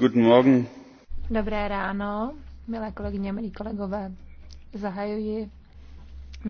Guten Morgen. Dobré ráno, milé kolegyně, milí kolegové. Zahajuji